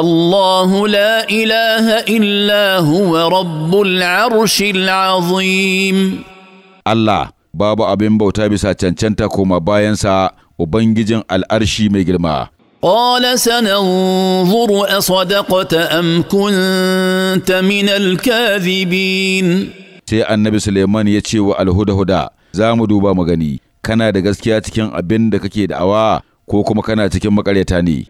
الله لا اله الا هو رب العرش العظيم babu abin bauta bisa cancanta koma bayansa ubangijin al'arshi mai girma قال سننظر أصدقت أم كنت من الكاذبين sai annabi Suleiman ya ce wa alhudahuda, huda za mu duba mu gani kana da gaskiya cikin abin da kake da'awa ko kuma kana cikin makaryata ne